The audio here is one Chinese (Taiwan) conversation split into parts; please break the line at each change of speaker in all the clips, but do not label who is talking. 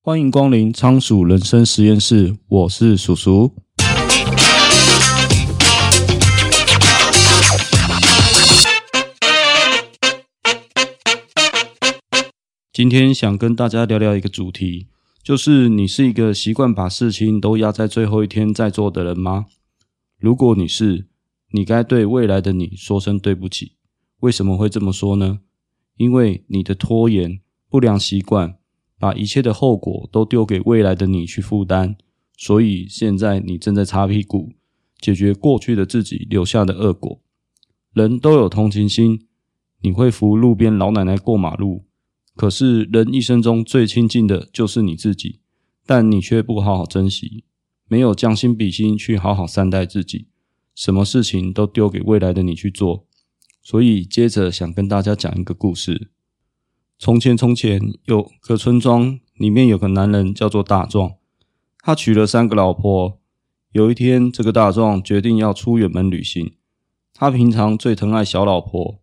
歡迎光臨倉鼠人生實驗室，我是鼠鼠。今天想跟大家聊聊一個主題，就是你是一個習慣把事情都壓在最後一天在做的人嗎？如果你是，你該對未來的你說聲對不起。為什麼會這麼說呢？因為你的拖延、不良習慣，把一切的後果都丟給未來的你去負擔，所以現在你正在擦屁股，解決過去的自己留下的惡果。人都有同情心，你會扶路邊老奶奶過馬路，可是人一生中最親近的就是你自己，但你卻不好好珍惜，沒有將心比心去好好善待自己，什麼事情都丟給未來的你去做。所以，接着想跟大家講一個故事。從前從前有個村莊，裡面有個男人叫做大壯。他娶了三個老婆。有一天，這個大壯決定要出遠門旅行。他平常最疼愛小老婆，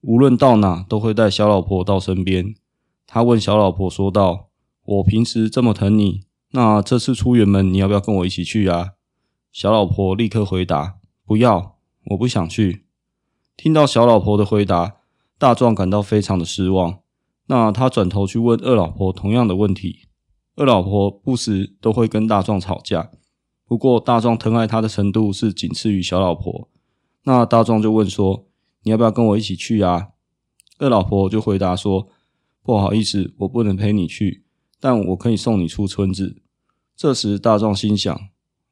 無論到哪都會帶小老婆到身邊。他問小老婆說道：“我平時這麼疼你，那這次出遠門，你要不要跟我一起去啊？”小老婆立刻回答：“不要，我不想去。”聽到小老婆的回答，大壯感到非常的失望。那他轉頭去問二老婆同樣的問題，二老婆不時都會跟大壯吵架。不過大壯疼愛她的程度是僅次於小老婆。那大壯就問說：“你要不要跟我一起去啊？”二老婆就回答說：“不好意思，我不能陪你去，但我可以送你出村子。”這時大壯心想：“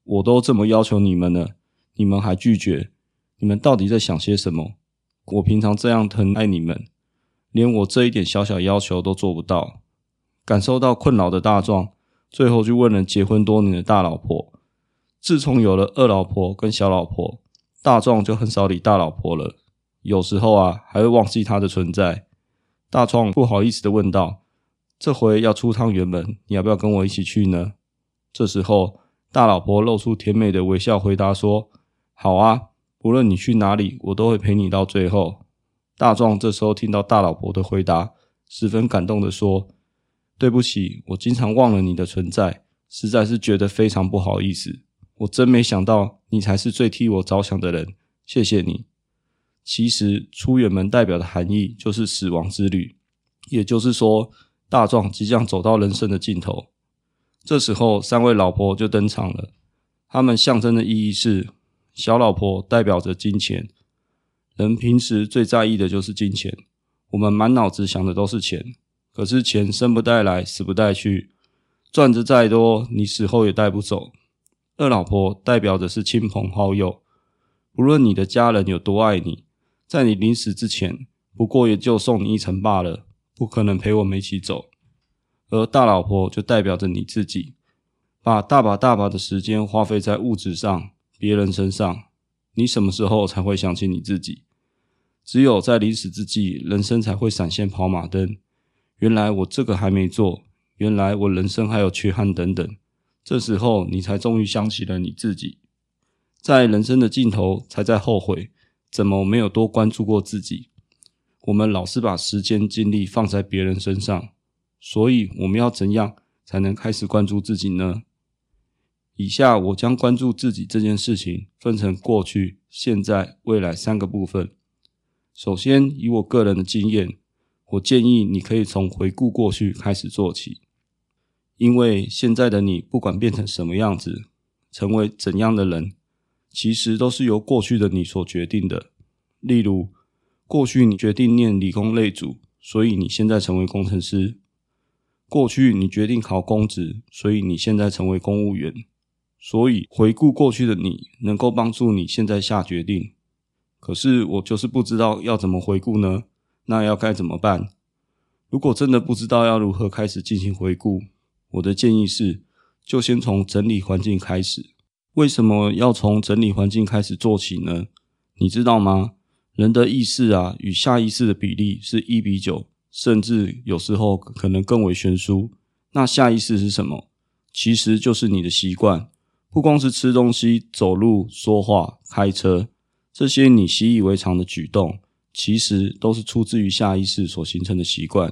我都這麼要求你們了，你們還拒絕，你們到底在想些什麼？我平常這樣疼愛你們。”連我這一點小小要求都做不到，感受到困擾的大壯，最後就問了結婚多年的大老婆。自從有了二老婆跟小老婆，大壯就很少理大老婆了，有時候啊，還會忘記她的存在。大壯不好意思的問道：“這回要出趟遠門，你要不要跟我一起去呢？”這時候，大老婆露出甜美的微笑，回答說：“好啊，無論你去哪裡，我都會陪你到最後。”大壯這時候聽到大老婆的回答，十分感動地說：“對不起，我經常忘了你的存在，實在是覺得非常不好意思。我真沒想到你才是最替我着想的人，謝謝你。”其實出遠門代表的含義就是死亡之旅，也就是說大壯即將走到人生的盡頭。這時候三位老婆就登場了，他們象徵的意義是：小老婆代表着金錢。人平時最在意的就是金錢，我們滿腦子想的都是錢。可是錢生不帶來，死不帶去，賺得再多，你死後也帶不走。二老婆代表的是親朋好友，無論你的家人有多愛你，在你臨死之前，不過也就送你一程罷了，不可能陪我們一起走。而大老婆就代表着你自己，把大把大把的時間花費在物質上、別人身上，你什麼時候才會想起你自己？只有在臨死之際，人生才會閃現跑馬燈。原來我這個還沒做，原來我人生還有缺憾等等。這時候，你才終於想起了你自己，在人生的盡頭，才在後悔怎麼沒有多關注過自己。我們老是把時間精力放在別人身上，所以我們要怎樣才能開始關注自己呢？以下我將關注自己這件事情分成過去、現在、未來三個部分。首先，以我個人的經驗，我建議你可以從回顧過去開始做起，因為現在的你不管變成什麼樣子，成為怎樣的人，其實都是由過去的你所決定的。例如，過去你決定念理工類組，所以你現在成為工程師；過去你決定考公職，所以你現在成為公務員。所以，回顧過去的你，能夠幫助你現在下決定。可是我就是不知道要怎麼回顧呢？那要該怎麼辦？如果真的不知道要如何開始進行回顧，我的建議是，就先從整理環境開始。為什麼要從整理環境開始做起呢？你知道嗎？人的意識啊與下意識的比例是一比九，甚至有時候可能更為懸殊。那下意識是什麼？其實就是你的習慣，不光是吃東西、走路、說話、開車。這些你習以為常的舉動，其實都是出自於下意識所形成的習慣，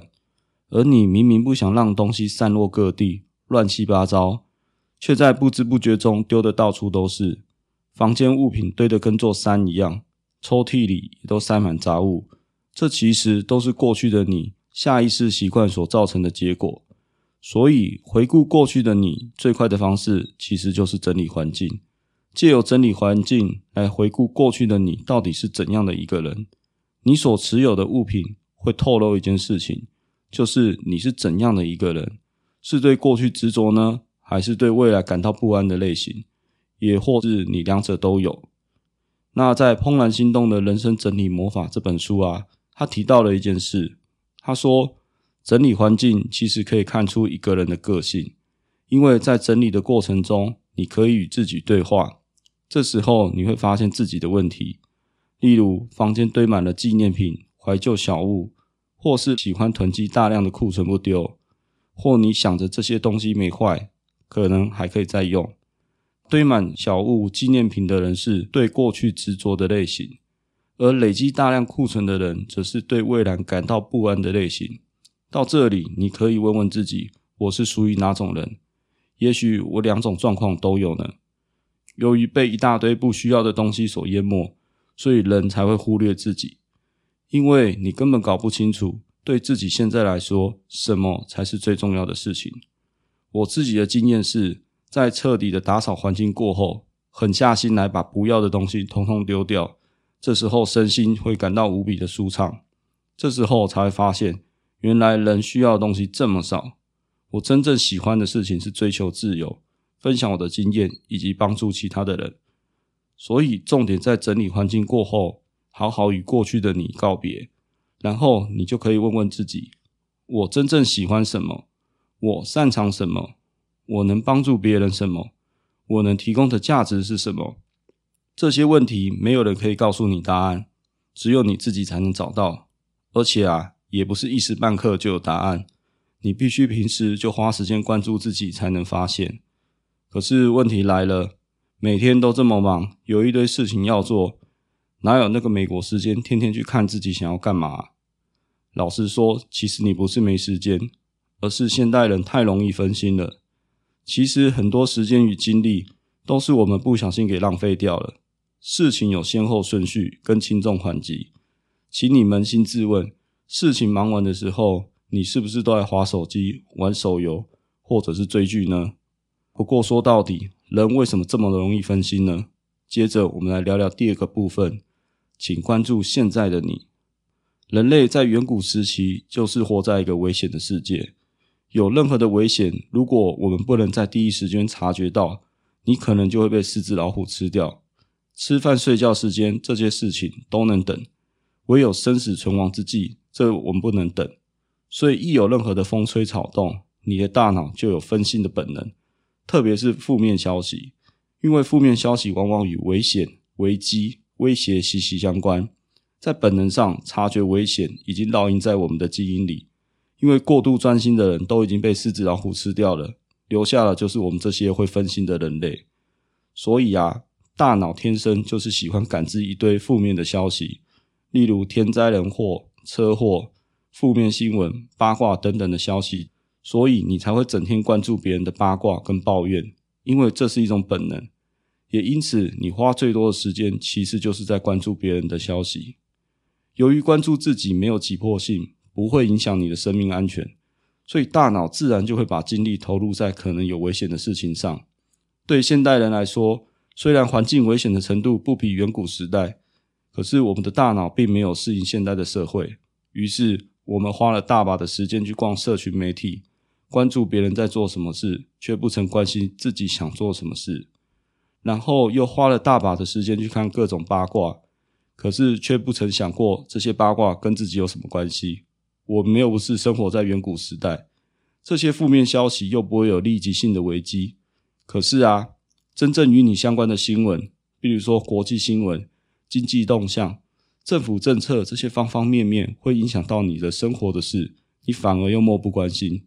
而你明明不想讓東西散落各地、亂七八糟，却在不知不覺中丟得到處都是。房間物品堆得跟座山一樣，抽屜裡也都塞滿雜物，這其實都是過去的你下意識習慣所造成的結果。所以，回顧過去的你，最快的方式其實就是整理環境。借由整理環境來回顧過去的你到底是怎樣的一個人？你所持有的物品會透露一件事情，就是你是怎樣的一個人，是對過去執着呢，還是對未來感到不安的類型，也或是你兩者都有。那在《怦然心動的人生整理魔法》這本書啊，他提到了一件事，他說整理環境其實可以看出一個人的個性，因為在整理的過程中，你可以與自己對話。這時候你會發現自己的問題，例如房間堆滿了紀念品、懷舊小物，或是喜歡囤積大量的庫存不丟，或你想着這些東西沒壞，可能還可以再用。堆滿小物、紀念品的人是對過去執着的類型，而累積大量庫存的人則是對未來感到不安的類型。到這裡，你可以問問自己：我是屬於哪種人？也許我兩種狀況都有呢。由於被一大堆不需要的東西所淹沒，所以人才會忽略自己。因為你根本搞不清楚，對自己現在來說，什麼才是最重要的事情。我自己的經驗是，在徹底的打掃環境過後，狠下心來把不要的東西統統丟掉，這時候身心會感到無比的舒暢。這時候我才會發現，原來人需要的東西這麼少。我真正喜歡的事情是追求自由。分享我的經驗，以及幫助其他的人。所以，重點在整理環境過後，好好與過去的你告別，然後你就可以問問自己：我真正喜歡什麼？我擅長什麼？我能幫助別人什麼？我能提供的價值是什麼？這些問題沒有人可以告訴你答案，只有你自己才能找到。而且啊，也不是一時半刻就有答案，你必須平時就花時間關注自己才能發現。可是問題來了，每天都這麼忙，有一堆事情要做，哪有那個美國時間天天去看自己想要幹嘛啊？老實說，其實你不是沒時間，而是現代人太容易分心了。其實很多時間與精力都是我們不小心給浪費掉了。事情有先後順序跟輕重緩急，請你捫心自問：事情忙完的時候，你是不是都在滑手機、玩手遊，或者是追劇呢？不過說到底，人為什麼這麼容易分心呢？接着，我們來聊聊第二個部分，請關注現在的你。人類在遠古時期就是活在一個危險的世界，有任何的危險，如果我們不能在第一時間察覺到，你可能就會被獅子老虎吃掉。吃飯、睡覺時間這些事情都能等，唯有生死存亡之際，這個、我們不能等。所以，一有任何的風吹草動，你的大腦就有分心的本能。特別是負面消息，因為負面消息往往與危險、危機、威脅息息相關。在本能上，察覺危險已經烙印在我們的基因裡。因為過度專心的人都已經被獅子老虎吃掉了，留下了就是我們這些會分心的人類。所以啊，大腦天生就是喜歡感知一堆負面的消息，例如天災人禍、車禍、負面新聞、八卦等等的消息。所以你才會整天關注別人的八卦跟抱怨，因為這是一種本能。也因此，你花最多的時間其實就是在關注別人的消息。由於關注自己沒有急迫性，不會影響你的生命安全，所以大腦自然就會把精力投入在可能有危險的事情上。對現代人來說，雖然環境危險的程度不比遠古時代，可是我們的大腦並沒有適應現代的社會，於是我們花了大把的時間去逛社群媒體。關注別人在做什麼事，卻不曾關心自己想做什麼事，然後又花了大把的時間去看各種八卦，可是卻不曾想過這些八卦跟自己有什麼關係。我們又不是生活在遠古時代，這些負面消息又不會有立即性的危機。可是啊，真正與你相關的新聞，比如說國際新聞、經濟動向、政府政策這些方方面面會影響到你的生活的事，你反而又漠不關心。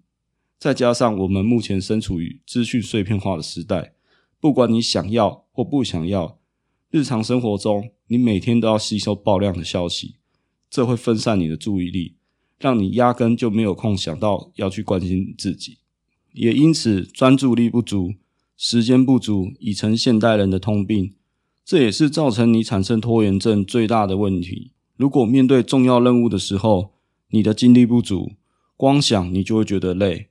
再加上我們目前身處於資訊碎片化的時代，不管你想要或不想要，日常生活中你每天都要吸收爆量的消息，這會分散你的注意力，讓你壓根就沒有空想到要去關心自己。也因此，專注力不足、時間不足已成現代人的通病，這也是造成你產生拖延症最大的問題。如果面對重要任務的時候，你的精力不足，光想你就會覺得累。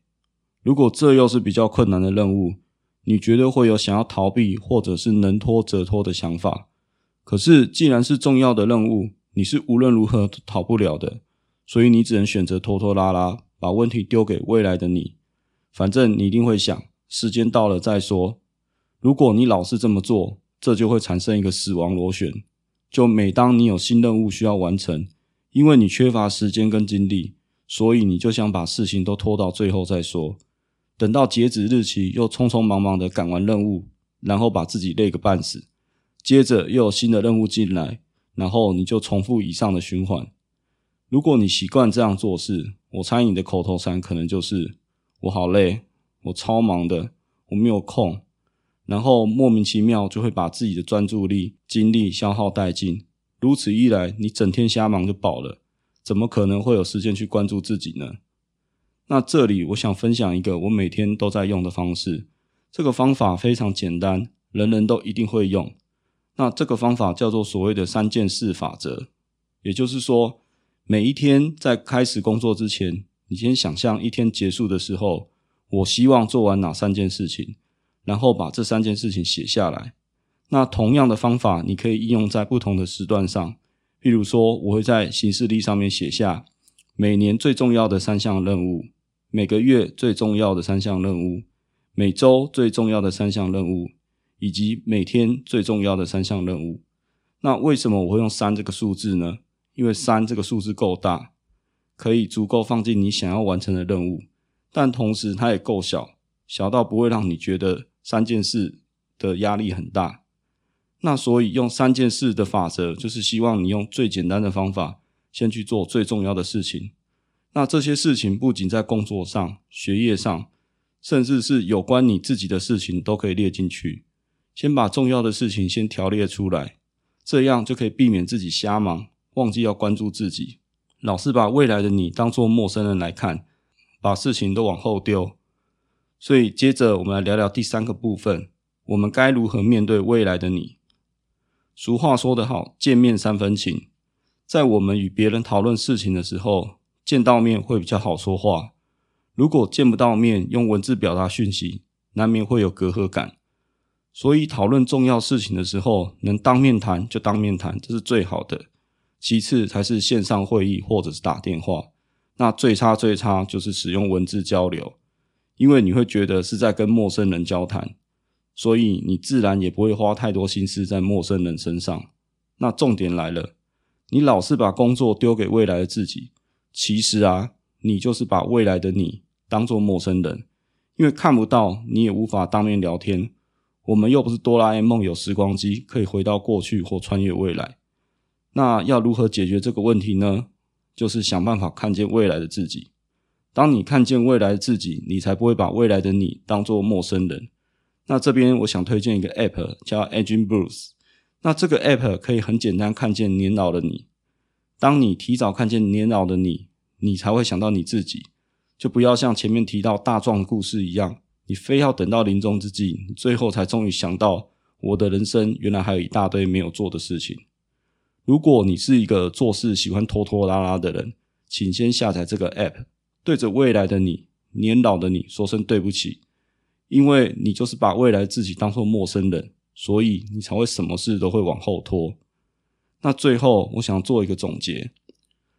如果這又是比較困難的任務，你絕對會有想要逃避或者是能拖則拖的想法。可是既然是重要的任務，你是無論如何都逃不了的，所以你只能選擇拖拖拉拉，把問題丟給未來的你。反正你一定會想，時間到了再說。如果你老是這麼做，這就會產生一個死亡螺旋。就每當你有新任務需要完成，因為你缺乏時間跟精力，所以你就想把事情都拖到最後再說。等到截止日期，又匆匆忙忙的趕完任務，然後把自己累個半死，接着又有新的任務進來，然後你就重複以上的循環。如果你習慣這樣做事，我猜你的口頭禪可能就是“我好累，我超忙的，我沒有空”，然後莫名其妙就會把自己的專注力、精力消耗殆盡。如此一來，你整天瞎忙就飽了，怎麼可能會有時間去關注自己呢？那這裡我想分享一個我每天都在用的方式，這個方法非常簡單，人人都一定會用。那這個方法叫做所謂的三件事法則，也就是說，每一天在開始工作之前，你先想象一天結束的時候，我希望做完哪三件事情，然後把這三件事情寫下來。那同樣的方法，你可以應用在不同的時段上，比如說，我會在行事曆上面寫下每年最重要的三項任務。每個月最重要的三項任務，每周最重要的三項任務，以及每天最重要的三項任務。那為什麼我會用三這個數字呢？因為三這個數字夠大，可以足夠放進你想要完成的任務，但同時它也夠小，小到不會讓你覺得三件事的壓力很大。那所以用三件事的法則，就是希望你用最簡單的方法先去做最重要的事情。那這些事情不僅在工作上、學業上，甚至是有關你自己的事情，都可以列進去。先把重要的事情先條列出來，這樣就可以避免自己瞎忙，忘記要關注自己，老是把未來的你當作陌生人來看，把事情都往後丟。所以，接着我們來聊聊第三個部分，我們該如何面對未來的你？俗話說得好，“見面三分情”。在我們與別人討論事情的時候，見到面會比較好說話，如果見不到面，用文字表達訊息，難免會有隔閡感。所以討論重要事情的時候，能當面談就當面談，這是最好的。其次才是線上會議或者是打電話，那最差最差就是使用文字交流，因為你會覺得是在跟陌生人交談，所以你自然也不會花太多心思在陌生人身上。那重點來了，你老是把工作丟給未來的自己。其實啊，你就是把未來的你當做陌生人，因為看不到，你也無法當面聊天。我們又不是哆啦 A 夢，有時光機可以回到過去或穿越未來。那要如何解決這個問題呢？就是想辦法看見未來的自己。當你看見未來的自己，你才不會把未來的你當做陌生人。那這邊我想推薦一個 App 叫 Aging Booth。那這個 App 可以很簡單看見年老的你。當你提早看見年老的你。你才會想到你自己，就不要像前面提到大壯的故事一樣，你非要等到臨終之際，你最後才終於想到我的人生原來還有一大堆沒有做的事情。如果你是一個做事喜歡拖拖拉拉的人，請先下載這個 app，對着未來的你、年老的你說聲對不起，因為你就是把未來自己當做陌生人，所以你才會什麼事都會往後拖。那最後，我想做一個總結。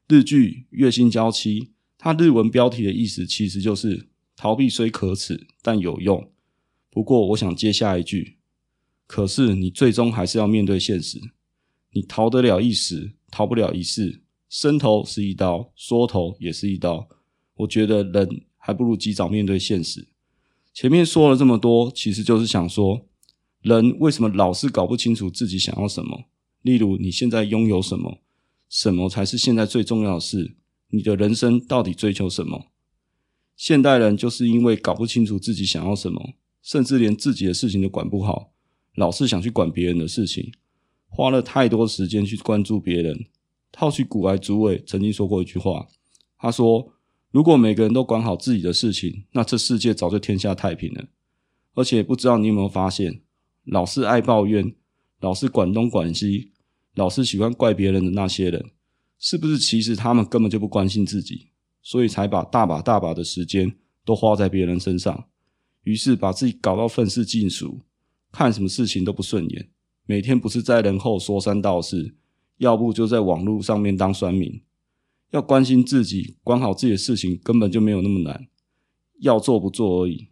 日劇《月薪嬌妻》，它日文標題的意思其實就是“逃避雖可恥，但有用”。不過，我想接下一句：“可是你最終還是要面對現實。你逃得了一時，逃不了一世。伸頭是一刀，縮頭也是一刀。我覺得人還不如及早面對現實。”前面說了這麼多，其實就是想說，人為什麼老是搞不清楚自己想要什麼？例如，你現在擁有什麼？什麼才是現在最重要的事？你的人生到底追求什麼？現代人就是因為搞不清楚自己想要什麼，甚至連自己的事情都管不好，老是想去管別人的事情，花了太多時間去關注別人。套取古來諸位曾經說過一句話，他說：“如果每個人都管好自己的事情，那這世界早就天下太平了。”而且不知道你有沒有發現，老是愛抱怨，老是管東管西。老是喜歡怪別人的那些人，是不是其實他們根本就不關心自己，所以才把大把大把的時間都花在別人身上，於是把自己搞到憤世嫉俗，看什麼事情都不順眼，每天不是在人後說三道四，要不就在網絡上面當酸民。要關心自己，管好自己的事情，根本就沒有那麼難，要做不做而已。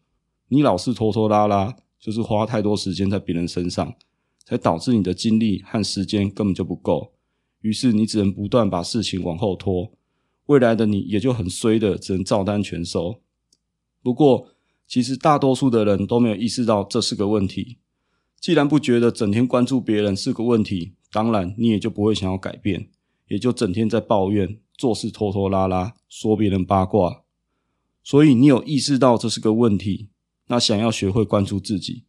你老是拖拖拉拉，就是花太多時間在別人身上。才導致你的精力和時間根本就不夠，於是你只能不斷把事情往後拖，未來的你也就很衰的，只能照單全收。不過，其實大多數的人都沒有意識到這是個問題。既然不覺得整天關注別人是個問題，當然你也就不會想要改變，也就整天在抱怨、做事拖拖拉拉、說別人八卦。所以你有意識到這是個問題，那想要學會關注自己。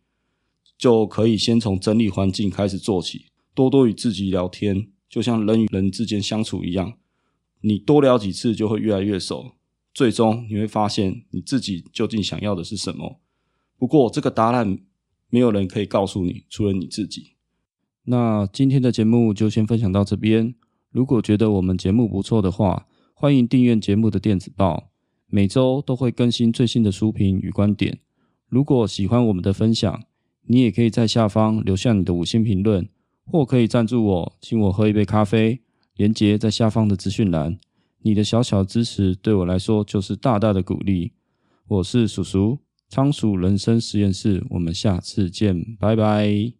就可以先從整理環境開始做起，多多與自己聊天，就像人與人之間相處一樣，你多聊幾次就會越來越熟，最終你會發現你自己究竟想要的是什麼。不過這個答案沒有人可以告訴你，除了你自己。那今天的節目就先分享到這邊。如果覺得我們節目不錯的話，歡迎訂閱節目的電子報，每周都會更新最新的書評與觀點。如果喜歡我們的分享，你也可以在下方留下你的五星評論，或可以贊助我，請我喝一杯咖啡，連接在下方的資訊欄。你的小小支持對我來說就是大大的鼓勵。我是鼠叔，倉鼠人生實驗室，我們下次見，拜拜。